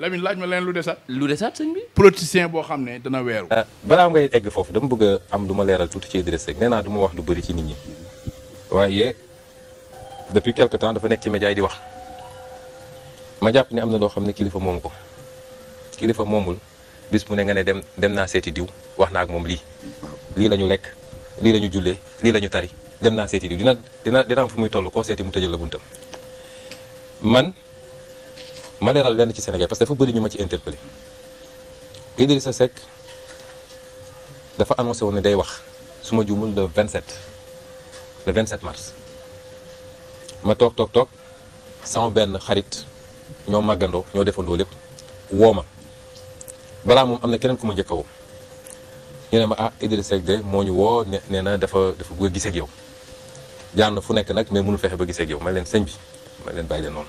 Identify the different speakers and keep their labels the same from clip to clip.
Speaker 1: Lamine laaj ma leen lu desaat. lu desaat sëñ bi. politicien boo xam ne dana weeru. Euh, balaa ngay egg foofu dama bëgg a am lu ma leeral tuuti ci Idriss Seck nee naa du wax lu bëri ci nit ñi waaye depuis quelque temps dafa ci média yi di wax ma jàpp ne am na loo kili ne kilifa moom ko kilifa bis mu ne nga ne dem dem naa seeti diw wax naa ak moom lii lii la ñu li la ñu jullee la tari dem naa seeti diw dina dina dina am fu muy toll koo seeti mu la buntam man. ma leeral lenn ci Sénégal parce que dafa bëri ñu ma ci interpellé Idrissa Seck dafa annoncé woon ne day wax su ma juumul le 27 le 27 mars ma toog toog toog sama benn xarit ñoo màggandoo ñoo defandoo lépp woo ma balaa moom am na keneen ku ma njëkk a woo ma ah Idrissa Seck de moo ñu woo ne nee na dafa dafa bëgg a gisee ak yow jaar na fu nekk nag mais mënu fexe ba gisee ak yow ma leen señ bi ma leen bàyyi leen noonu.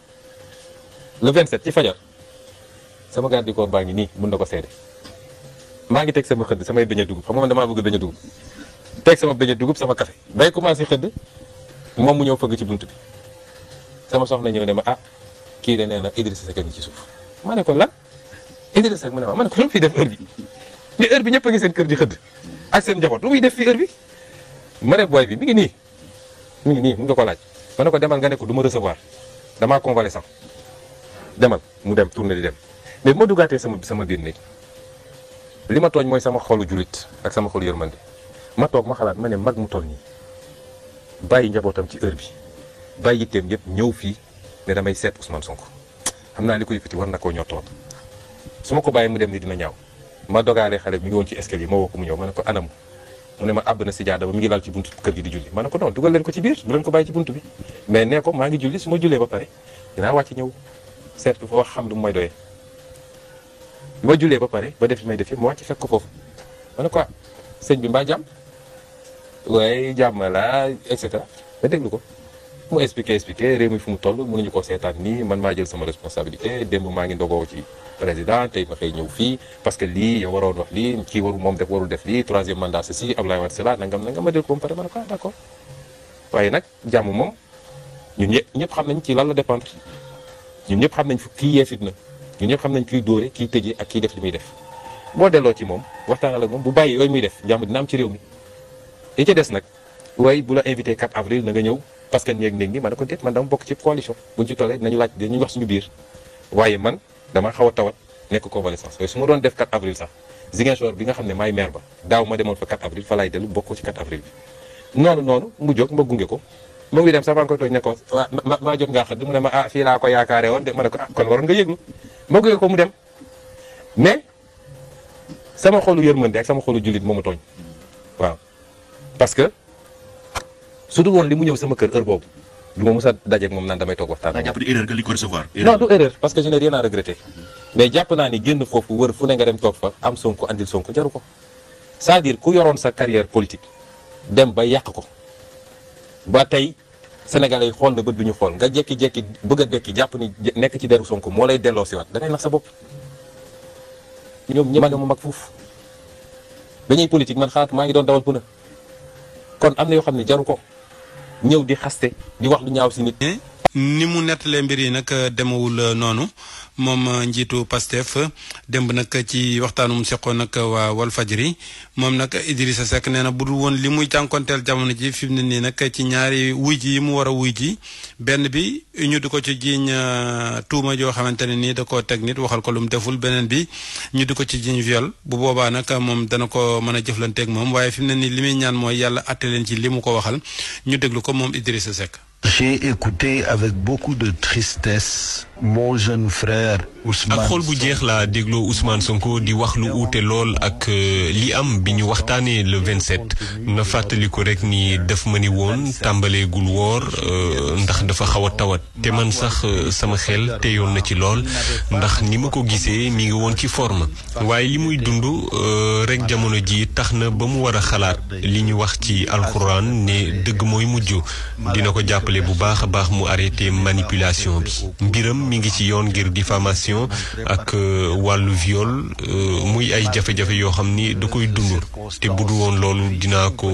Speaker 1: le 27 ci fajar sama garde du corps baa ngi mën nako sédé ma ngi tek sama xëdd sama beñe dugub xam nga dama bëgg beñe dugub tek sama beñe dugub sama café bay commencé xëdd moom mu ñëw fëgg ci buntu bi sama soxna ñëw né ma ah ki dé nee na Idrissa Seck ngi ci suuf ma né ko la Idriss ak mëna ma né ko fi def heure bi ni heure bi ñëpp a ngi seen kër di xëdd ak seen njaboot lu muy def fi heure bi ma né boy bi mi ngi ni mi ngi ni mu ngi ko laaj ma né ko demal nga né ko duma recevoir dama convalescent demal mu dem tourné di dem mais bu ma duggaatee sama sama biir li ma tooñ mooy sama xolu julit ak sama xolu yërmande ma toog ma xalaat ma ne mag mu toll nii bàyyi njabootam ci heure bi bàyyi yitteem yëpp ñëw fii ne damay seet Ousmane Sonko xam naa li ko yëkkati war na koo ñor tool su ma ko bàyyi mu dem ni dina ñaaw ma dogaale xale bi ngi woon ci escalier ma woo mu ñëw ma ne ko anam mu ne ma àbb na si jaada ba mi ngi laal ci buntu kër gi di julli ma ko non dugal leen ci biir bu leen ko bàyyi bi mais nee ko maa ngi julli su ma jullee ba pare dinaa wàcc ñëw seetlu fo xam lu moy doyee ma julé ba pare ba def may def mo ci fekk ko foofu ma ne quoi ah, sëñ bi mbaa jam way jam la et cetera remi déglu ko mu expliquer expliquer réew fu mu toll ñu ko ni man ma jël sama responsabilité demu ma ngi ndogoo ci président tay ma xey ñew fi parce que li yow waro wax li ci waru mom def waru def li troisième mandat ceci ablay wat cela nangam nangam ma déglu ko paré pare ma ne quoi nak ah, accord waaye jam mom, ñun ñepp xam nañ ci lan la dépendre ñun ñëpp xam nañ fi kii yee fitna ñun ñëpp xam nañ kiy dóore kiy tëjee ak kiy def li muy def boo delloo ci moom waxtaan ak moom bu bàyyi yooyu muy def jàmm dina am ci réew mi li ca des nag waaye bu la invité 4 avril nanga ñëw parce que néeg néeg gi man ne ko déet man dama bokk ci coalition buñ ci tollee nañu laaj dañuy wax suñu biir waaye man damaa xaw a tawat nekk convalescence waaye su ma doon def 4 avril sax Ziguinchor bi nga xam ne maay maire ba daaw ma demoon fa 4 fa laay dellu bokk ci 4 avril noonu mu jóg ma gunge ko mu ngi dem sa banko toj ne ma ma jot nga xëdd mu ma ah fii laa ko yaakaare woon de ma ne ko ah kon waroon nga ma gëge ko mu dem mais sama xolu yërmande ak sama xolu jullit moo ma tooñ waaw parce que su dul woon li mu ñëw sama kër heure boobu du ma mës a dajeeg moom naan damay toog waxtaan. daa jàpp ni erreur nga li ko recevoir. non du erreur parce que je n'ai rien à regretter mais ni génn foofu wër fu ne nga dem fa am Sonko andil Sonko jaruko ko c'est-à-dire ku sa carrière politique dem ba yàq ko. ba tey sénégalais yi xool na bët bu ñu xool nga jékki-jékki bëgg a dekki jàpp ni nekk ci deru sonk moo lay delloo si waat da ngay nax sa bopp ñoom ñëpp mag mu mag foofu dañuy politique man xaar maa ngi doon dawal puna kon am na yoo xam ne jaru ko ñëw di xaste di wax lu ñaaw si nit ni mu nettalee mbir yi nag euh, demewul euh, noonu moom euh, njiitu Pastef démb nag ci waxtaanu mu seqoon nag waa Walfajri moom nag Idrissa sekk nee na bu dul woon li muy jànkonteel jamono ji fi mu ne nii nag ci ñaari wuy yi mu war a wuy ji benn bi ñu di ko ci jiiñ tuuma joo xamante ne nii da koo teg nit waxal ko lu mu deful beneen bi ñu di ko ci jiiñ viol bu boobaa nag moom dana ko mën a jëflanteeg moom waaye fi mu ne nii li muy ñaan mooy yàlla atte leen ci li mu ko waxal ñu déglu ko moom Idrissa Seck. J'ai écouté avec beaucoup de tristesse mon jeune frère Ousmane ak xool bu jeex laa dégloo Ousmane Sonko di wax lu uute lool ak euh, li am bi ñu waxtaanee le 27 na fàttaliku rek ni daf ma ni woon tàmbaleegul woor euh, ndax dafa xaw a tawat te man sax euh, sama xel yoon na ci lool ndax ni ma ko gisee mi ngi woon ci forme waaye li muy dund rek jamono ji tax na ba mu war a xalaat li ñu wax ci alxuraan ne dëgg mooy mujj dina ko jàppale bu baax a baax mu arrêté manipulation bi mbiram mi ngi ci yoon ngir diffamation ak euh, wàllu viol euh, muy ay jafe-jafe yoo xam ni da koy dund te bu du woon loolu dinaa ko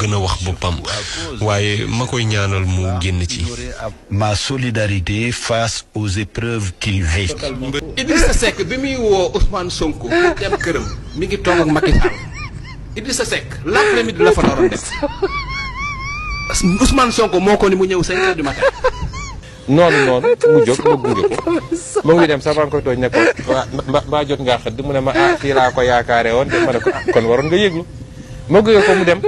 Speaker 1: gën a wax boppam waaye ma koy ñaanal mu génn ci. ma solidarité face aux épreuves qu'il vit. Idrissa Seck bi muy woo Ousmane Sonko dem këram mi ngi toog ak Macky Sall Idrissa Seck l'après-midi la fa naroon def Ousmane Sonko moo ko ni mu ñëw cinq heures du matin. noonu noonu mu jóg ma mu ngi dem sax maa ngi koy tooñ ne ko mbaa jot ngaa xëdd mu ne ma ah fii laa ko yaakaare woon de ma ko ah, kon waroon nga yëglu ma gunge ko mu dem